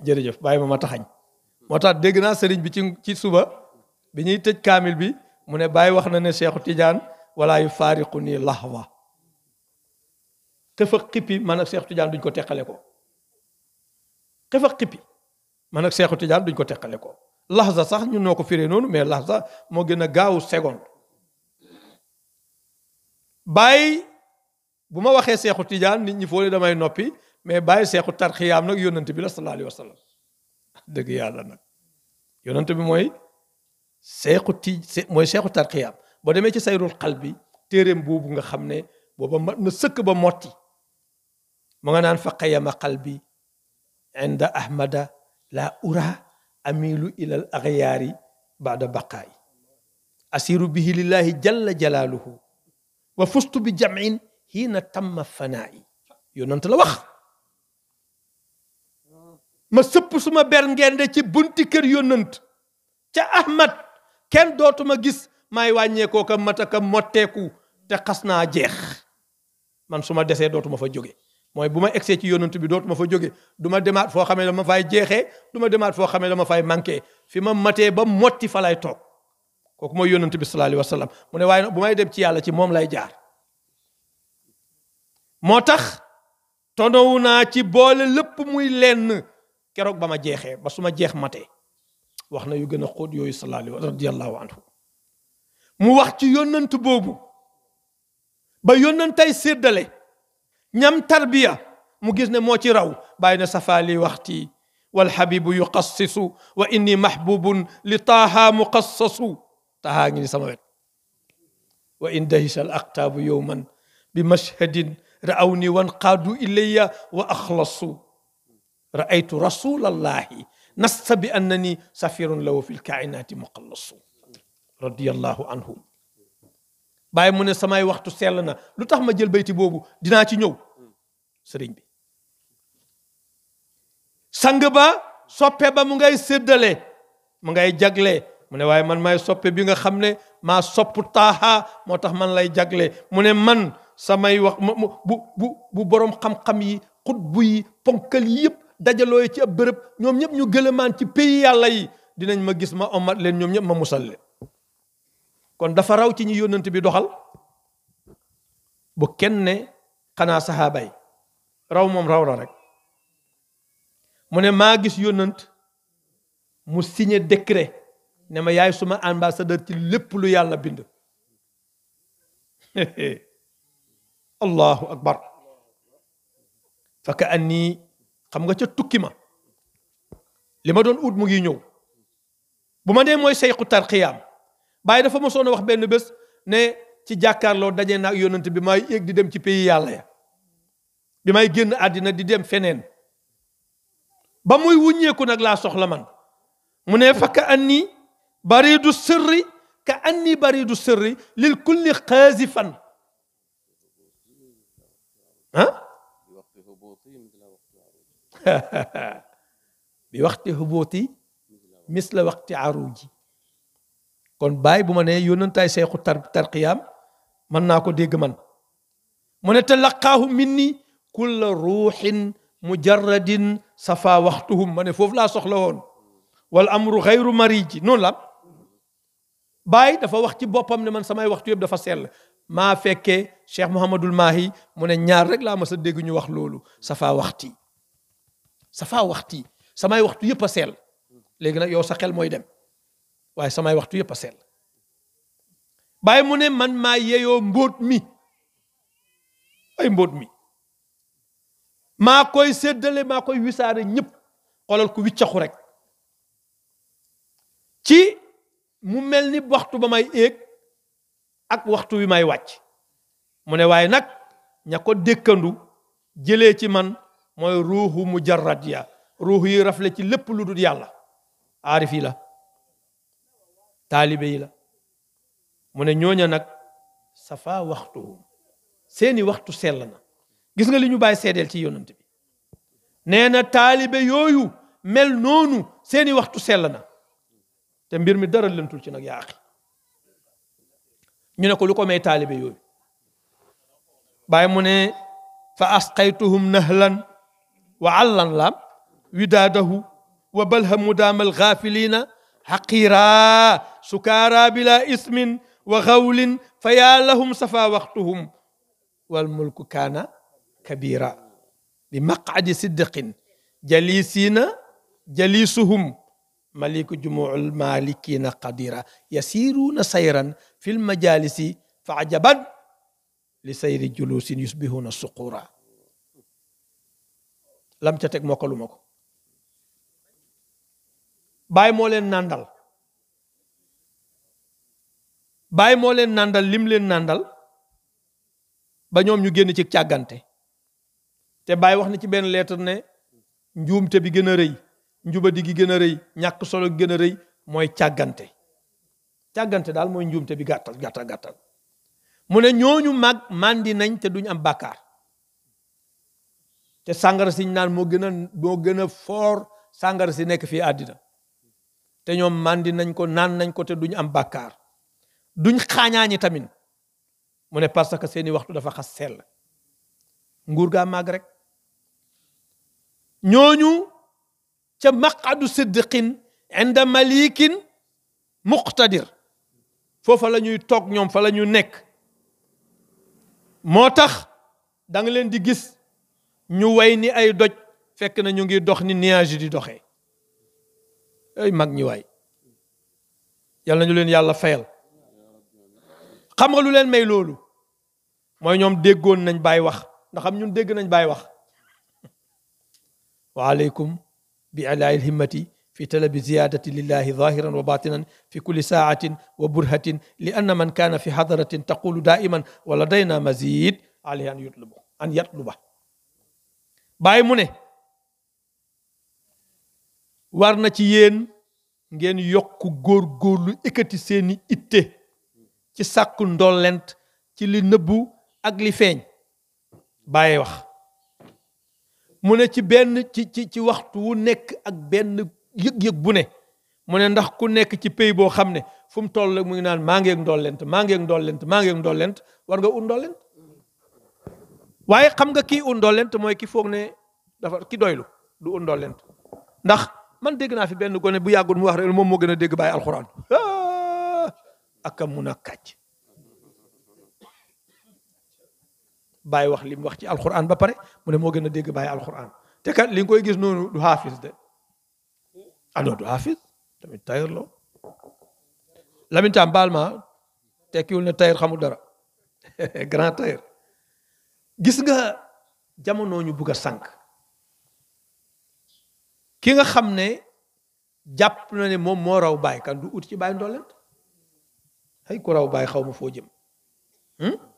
jërëjëf bàyyi ma ma taxañ moo tax dégg naa sëriñ bi ci ci suba bi ñuy tëj kaamil bi mu ne bàyyi wax na ne Seexu Tijaan wala yu faariqu nii lahwa xëfa xippi man ak Seexu Tijaan duñ ko teqale ko xëfa xippi man ak Seexu Tijaan duñ ko teqale ko lahza sax ñu noo ko firee noonu mais lahza moo gën a gaaw seconde bàyyi bu ma waxee seexu tijaan nit ñi foo ne damay noppi mais bàyyi seexu tarxiyaam nag yonent bi la sallallahu alayhi wa sallam dëgg yàlla nag yonent bi mooy seexu ti mooy seexu tarxiyaam boo demee ci sayrul qalbi téeréem boobu nga xam ne booba na sëkk ba motti mu nga naan fa qalbi inda ahmada la ura amilu ilal axyaari baada baqaayi asiru bihi lillahi jalla jalaaluhu wa fustu bi jamin tam tamma fanaay yonent la wax ma sëpp suma ber ngende ci bunti kër yonant ca ahmad kenn dootuma gis maay wàññeekoo kam ka kam motteeku te xas naa jeex man su ma desee dootuma fa jóge mooy bu ma egsee ci yonent bi dootuma fa jóge du ma demaat foo xamee ma fay jeexee du ma demaat foo xamee dama fay manqué fi ma matee ba motti fa lay toog kooku mooy yónnante bi sallallahu alayhi wa sallam mu ne waaye bu may dem ci yàlla ci moom lay jaar moo tax tonowu naa ci boole lépp muy lenn keroog ba ma jeexee ba su ma jeex matee wax na yu gën a xóot yooyu sallallahu alayhi radiyallahu anhu mu wax ci yónnant boobu ba yónnantay séddale ñam tarbiya mu gis ne moo ci raw bàyyi na safaa li waxti والحبيب يقصص واني محبوب لطه مقصص تهاجني ngi ni sama wet wa in dahisal aqtaabu yowman bi رأيت رسول الله نص بأنني سفير له في الكائنات مقلص رضي الله عنه باي من سماي وقت سيلنا لوتاخ ما جيل بيتي بوبو دينا سي نيو سيرن بي سانغ با سوبي با مو ngay sédalé mu ngay jaglé mu ne waaye man may soppe bi nga xam ne maa sopp taaha moo tax man lay jagle mu ne man samay wax bu bu bu xam-xam yi bu yi ponkal yi yëpp dajaloo ci ab bërëb ñoom ñëpp ñu gëlëmaan ci pays yàlla yi dinañ ma gis ma omat leen ñoom ñëpp ma musalle kon dafa raw ci ñi yónnante bi doxal bu kenn ne xanaa saxaaba raw moom raw la rek mu ne maa gis yónnant mu signé décret ne ma yaay suma ambassadeur ci lépp lu yàlla bind allahu akbar faka an nii xam nga ca tukki ma li ma doon ut mu ngi ñëw bu ma nee mooy seyxu tarxiyaam bàyyi dafa mosoon a wax benn bés ne ci jàkkaarloo daje naa ak yonent bi maay yéeg di dem ci pays yàlla ya bi may génn àddina di dem feneen ba muy wuññeeku nag laa soxla man mu ne fakka an بريد السر كأني بريد السر للكل قاذفا ها بوقت هبوطي مثل وقت عروجي بوقت هبوطي مثل وقت عروجي كون باي بو ماني يونتاي شيخ تر تر قيام من ناكو ديغ من من تلقاه مني كل روح مجرد صفا وقتهم من فوف لا سخلون والامر غير مريج نون لا Baye dafa wax ci boppam ne man samay waxtu yëpp dafa sell maa fekkee Cheikh Mouhamadul Mahi mu ne ñaar rek laa mas a dégg ñu wax loolu safaa waxti safaa waxti samay waxtu yëpp a sell léegi nag yow sa xel mooy dem waaye samay waxtu yëpp a sell Baye mu ne man ma yeyoo mbóot mi ay mbóot mi maa koy séddale maa koy wisaare ñëpp xoolal ku wiccaxu rek ci mu mel ni waxtu ba may éeg ak waxtu wi may wàcc mu ne waaye nag ña ko dëkkandu jële ci man mooy ruuxu mujarrad ya ruux yi rafle ci lépp lu dul yàlla aarif yi la taalibe yi la mu ne ñooña nag safa waxtu seeni waxtu sell na gis nga li ñu baay seedeel ci yonant bi nee na taalibe yooyu mel noonu seeni waxtu sell na te mbir mi dara lëntul ci nag yaa axi ñu ne ko lu ko may taalibe yooyu bàyyi mu ne fa asqaytuhum nahlan wa allan lam widaadahu wa balha mudaamal gaafiliina xaqiiraa sukaaraa bila ismin wa xawlin fa yaa lahum safa waxtuhum wal mulku kaana kabiira bi maqcadi siddiqin jaliisiina jaliisuhum maliku jumuul malikina qadira yasiruuna sayran fi lmajalisi fa ajaban li sayri julusin yusbihuuna suqura lam ca teg mokkalu ma ko baay moo leen nàndal baay moo leen nàndal lim leen nàndal ba ñoom ñu génn ci càggante te baay wax na ci benn lettre ne njuumte bi gën a rëy njuba digi gëna reuy ñak solo gëna reuy moy rëy mooy dal moy daal bi gattal gattal gattal mu ne mag mandi nañ te duñ am bàkkaar te sangar siñ naan mo gëna a gëna for sangar si nek fi adina te ñom mandi nañ ko naan nañ ko te duñ am bàkkaar duñ xañañi tamit mu ne parce que seeni waxtu dafa xass sel nguur rek ñoñu ca maqadu siddiqin inda malikin muqtadir foofa la ñuy toog ñoom fa la ñu nekk moo tax da leen di gis ñu way ni ay doj fekk na ñu ngi dox ni nuage di doxee ay mag ñi waay yàlla nañu leen yàlla fayal xam nga lu leen may loolu mooy ñoom déggoon nañ bàyyi wax ndax xam ñun dégg nañ bàyyi wax waaleykum بأعلاء الهمة في طلب زيادة لله ظاهرا وباطنا في كل ساعة وبرهة لأن من كان في حضرة تقول دائما ولدينا مزيد عليه أن يطلبه أن يطلبه باي موني وارنا تيين نجين يوكو غور غور yokk سيني إتي تي ساكو itte ci sàkku ndollent ci li nëbbu ak li wax mu ne ci benn ci ci ci waxtu wu nekk ak benn yëg-yëg bu ne mu ne ndax ku nekk ci pays boo xam ne fu mu toll mu ngi naan maa ngeeg ndollent maa ngeeg ndollent maa ngeeg ndollent war nga ut ndollent waaye xam nga kii ut ndollent mooy ki foog ne dafar ki doylu du ut ndollent ndax man dégg naa fi benn gone bu yàggul mu wax rek moom moo gën a dégg bàyyi alxuraan ak a mun a kàcc bàyyi wax li mu wax ci alquran ba pare mu ne moo gën a dégg bàyyi alquran te kat li nga koy gis noonu du xaafis de alors ah du xaafis tamit tayar la Lamine Thiam baal ma tekkiwul ne tayar xamul dara grand tayar gis nga jamono ñu bugg a sànq ki nga xam ne jàpp na ne moom moo raw bàyyi kan du ut ci bàyyi ndollent ay ku raw bàyyi xaw ma foo jëm. Hmm?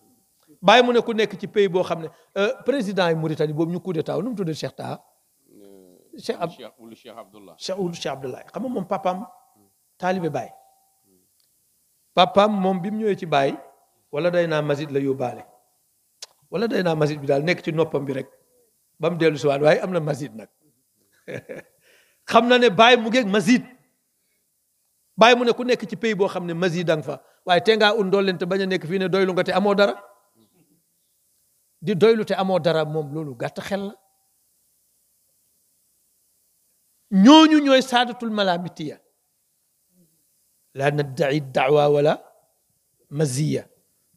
bàyyi mu ne ku nekk ci pays boo xam ne euh, président yi Mauritanie boobu ñu coup d'état nu mu tuddee Cheikh Taha. Cheikh ab Cheikh Abdoulaye Cheikh Ould Cheikh Abdoulaye xam nga moom papaam taalibe Baye. papaam moom bi mu ñëwee ci Baye wala day naa masjid la yóbbaale wala day naa masjid bi daal nekk ci noppam bi rek ba mu dellu si waat waaye am na masjid nag xam na ne Baye mu ngeeg masjid Baye mu ne ku nekk ci pays boo xam ne masjid da nga fa waaye te ngaa un dool leen te bañ a nekk fii ne doylu nga te amoo dara. di doylu te amo dara mom lolu gàtt xel la ñooñu ñooy saadatul malamitiya la naddai daawa wala maziya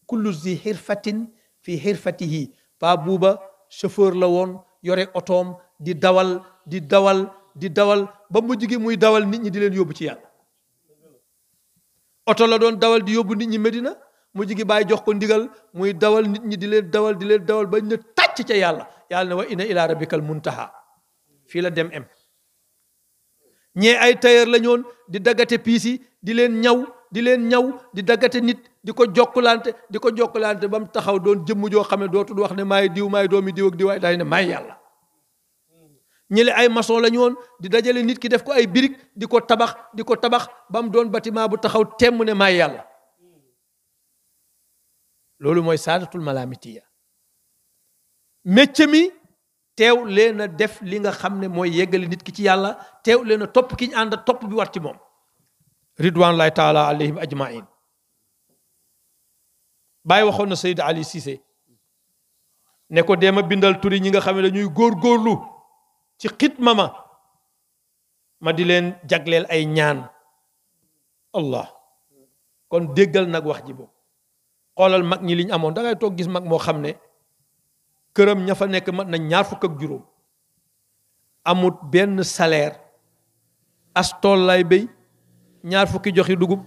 kullu zi hirfatin fi hirfatihi fa buba chauffeur la won yore otoom di dawal di dawal di dawal ba mu gi muy dawal nit ñi di len yobu ci yàlla auto la doon dawal di yobu nit ñi medina mu gi bàyyi jox ko ndigal muy dawal nit ñi di leen dawal di leen dawal bañ na tàcc ca yàlla yàlla ne wa inna ila rabbikal muntaha fii la dem em ñee ay tailleur la ñoon di daggate piis yi di leen ñaw di leen ñaw di daggate nit di ko jokkulante di ko jokkulante ba mu taxaw doon jëmm joo xam ne dootul wax ne maay diw may doomi diw ak diw day ne maay yàlla ñële ay maçon la ñu di dajale nit ki def ko ay birig di ko tabax di ko tabax ba mu doon bâtiment bu taxaw temm ne maay yàlla loolu mooy saadatul malamitiya métier mi teew leena def li nga xam ne mooy yeggale nit ki ci yàlla teew leen a topp ki ñu topp bi war ci moom ridwan lahi taala alayhim ajmain baay waxoon na Seyd Ali Cissé ne ko deema bindal turi ñi nga xam ne dañuy góorgóorlu ci xitma ma ma di leen jagleel ay ñaan allah kon déggal nag wax ji boobu xoolal mag ñi liñ amoon dangay toog gis mag moo xam ne këram ña fa nekk mat na ñaar fukk ak juróom amut benn salaire as tool lay béy ñaar fukki joxi dugub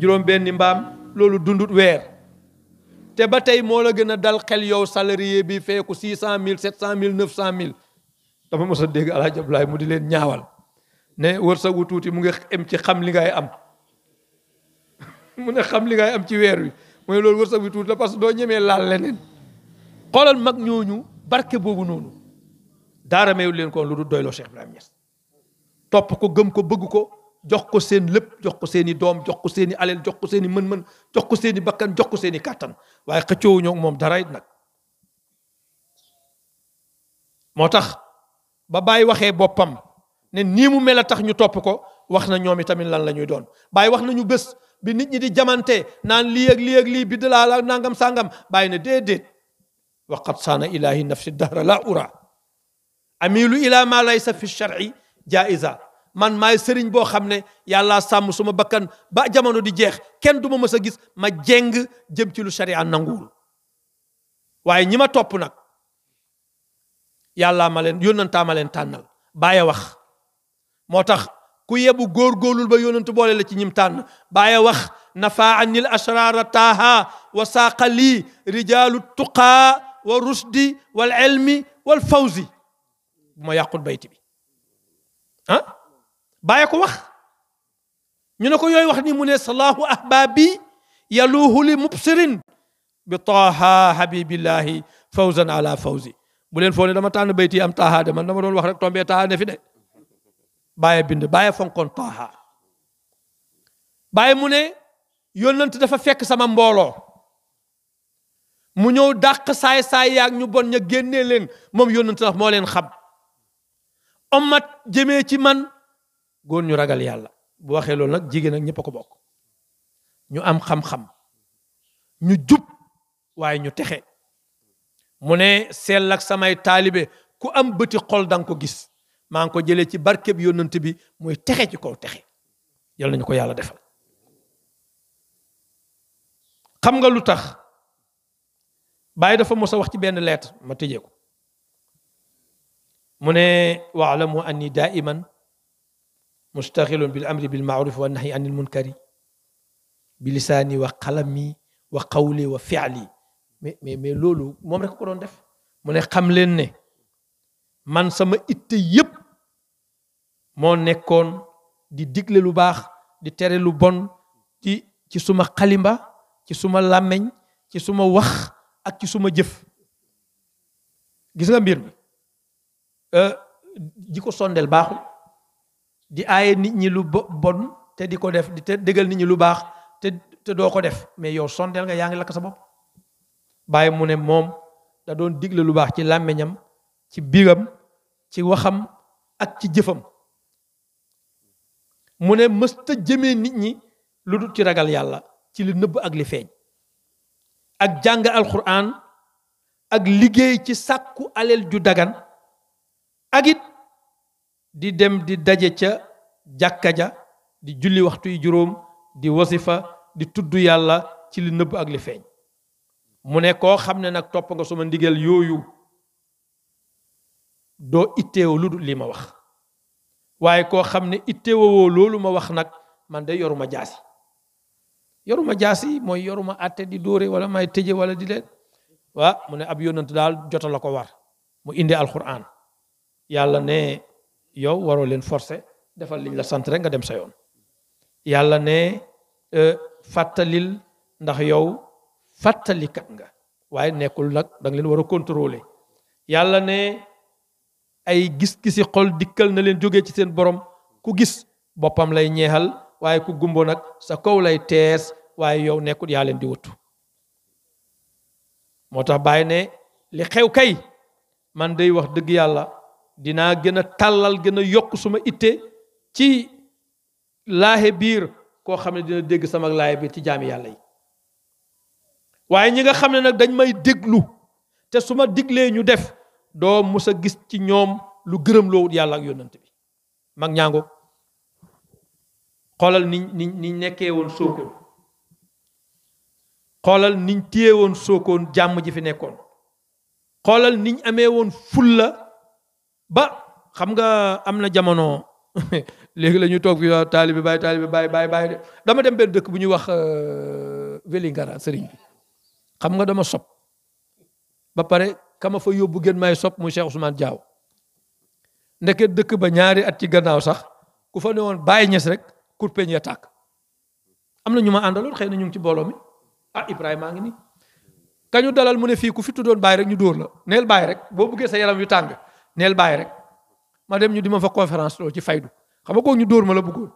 juróom benn mbaam loolu dundut weer te ba tey moo la gën a dal xel yow salarié bi feeku six cent mille sept cent mille neuf cent mille dama mos a dégg Alaaji joblaay mu di leen ñaawal ne wërsëgu tuuti mu ngi em ci xam li ngay am mu ne xam li ngay am ci weer wi mu ne loolu wërsëg bi tuuti la parce que doo ñemee laal leneen xoolal mag ñooñu barke boobu noonu daara mayul leen ko lu du doyloo Cheikh Ibrahima Niass topp ko gëm ko bëgg ko jox ko seen lépp jox ko seen i doom jox ko seeni i jox ko seen i mën-mën jox ko seeni i bakkan jox ko seeni i kàttan waaye xëccoowu ñoo moom dara nag moo tax ba bàyyi waxee boppam ne nii mu mel a tax ñu topp ko wax na ñoom tamit lan la ñuy doon bàyyi wax nañu bés bi nit ñi di jamante naan lii ak lii ak lii bi dalaa la nangam sàngam bàyyi na déedéet waqad saana ilahi nafsi dahra la ura amilu ila ma laysa fi shar'i jaiza man maay sëriñ boo xam ne yàllaa sàmm suma bakkan ba jamono di jeex kenn du ma mës a gis ma jeng jëm ci lu sharia nanguwul waaye ñi ma topp nag yàllaa ma leen yónnantaa ma leen tànnal bàyyi wax moo tax ku yebu gor golul ba yonentu boole la ci ñim tan baye wax nafa'ani al-ashrar taha wa saqali lii rijaalu tuqaa wa rusdi wal ilmi wal fawzi bu ma yàqul bayti bi ah baye ko wax ñu ne ko yoy wax ni mu ne salaahu ahbaabi yaluuhu li mubsirin bi taha habibillahi fawzan ala fawzi bu len foo ne dama tan bayti am taha de man dama don wax rek tombe taha ne fi de bàyyi bind baaye fonkoon taaha bàyyi mu ne yónnant dafa fekk sama mbooloo mu ñëw dàq saay-saay yaag ñu bon ña génnee leen moom yónnant ndax moo leen xam ommat jëmee ci man góor ñu ragal yàlla bu waxee loolu nag jigéen ak ñëpp ko bokk ñu am xam-xam ñu jub waaye ñu texe mu ne sell ak samay taalibe ku am bëti xol danga ko gis maa ngi ko jëlee ci barkeb yónnant bi muy texe ci kaw texe yàlla nañu ko yàlla defal xam nga lu tax bàyyi dafa mos a wax ci benn lettre ma tëjee ko mu ne waalamu anni daiman mustaxilun bil amri bil maaruf wa nahyi anil munkari bi lisaani wa xalami wa xawli wa fiali mais mais mais loolu moom rek ko doon def mu ne xam leen ne man sama itte yépp moo nekkoon di digle lu baax di tere lu bon ci ci suma xalimba ci suma làmmeñ ci suma wax ak ci suma jëf gis nga mbir mi euh, di ko sondeel baaxul di aaye nit ñi lu bon te di ko def di te dëggal nit ñi lu baax te te doo ko def mais yow sondeel nga yaa ngi lakk sa bopp bàyyi mu ne moom da doon digle lu baax ci làmmiñam ci biram ci waxam ak ci jëfam mu ne mësta jëmee nit ñi lu dul ci ragal yàlla ci li nëbb ak li feeñ ak jàng alquran ak liggéey ci sàkku alel ju dagan ak it di dem di daje ca jàkka di julli waxtu yi juróom di wasifa di tudd yàlla ci li nëbb ak li feeñ mu ne koo xam ne nga suma ndigal yooyu doo itteewoo lu dul lii ma wax waaye koo xam ne itteewoo loolu ma wax nag man de yoruma jaasi yoruma jaasi mooy yoruma àtte di dóore wala may tëje wala di leen waa mu ne ab yonant daal jota la ko war mu indi alquran yàlla ne yow waroo leen forcer defal liñ la sant rek nga dem sa yoon yàlla ne e, fàttalil ndax yow fàttalikat nga waaye nekkul nag da leen war a contrôler yàlla ay gis-gisi xol dikkal na leen jóge ci seen borom ku gis boppam lay ñeexal waaye ku gumbo nag sa kaw lay tees waaye yow nekkul yaa leen di wut moo tax bàyyi ne li xew kay man day wax dëgg yàlla dinaa gën a tàllal gën a yokk suma itte ci laaxe biir koo xam ne dina dégg sama laaxe biir ci jaami yàlla yi waaye ñi nga xam ne nag dañ may déglu te su ma diglee ñu def doo mus a gis ci ñoom lu gërëm loowut yàlla ak yónnant bi mag ñaango xoolal niñ niñ niñ nekkee woon sookoon xoolal niñ téye woon sookoon jàmm ji fi nekkoon xoolal niñ amee woon fulla ba xam nga am na jamono léegi la ñuy toog fi waaw taalibi bàyyi taalibi bàyyi bàyyi bàyyi dama dem benn dëkk bu ñuy wax euh, Vélingara sëriñ bi xam nga dama sob ba pare kama fa yóbbu gën may sop mu Cheikh Ousmane Diaw ndeket dëkk ba ñaari at ci gannaaw sax ku fa woon bàyyi ñes rek kurpeñ ya tàkk am na ñu ma àndaloon xëy na ñu ngi ci mbooloo mi ah Ibrahima ngi nii kañu dalal mu ne fii ku fi tuddoon bàyyi rek ñu dóor la neel bàyyi rek boo buggee sa yaram yu tàng neel bàyyi rek ma dem ñu di ma fa conférence loolu ci faydu xam nga koo ñu dóor ma la bëggoon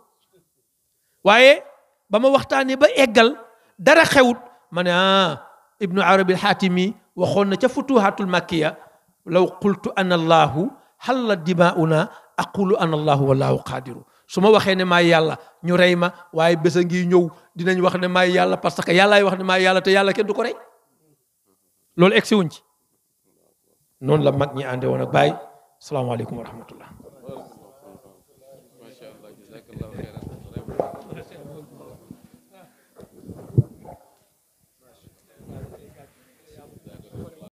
waaye ba ma ba eggal dara xewut ma ne ah Ibnu Arabi Xaatimi waxoon na ca futuhatul makkiya law qultu ana allahu xalla dimauna aqulu ana allahu wallahu qaadiru su ma waxee ne maay yàlla ñu rey ma waaye bés a ngi ñëw dinañ wax ne maay yàlla parce que yàllaay wax ne maay yàlla te yàlla kenn du ko rey loolu egsi wuñ ci noonu la mag ñi ànde woon ak bàyyi salaamaaleykum wa rahmatullah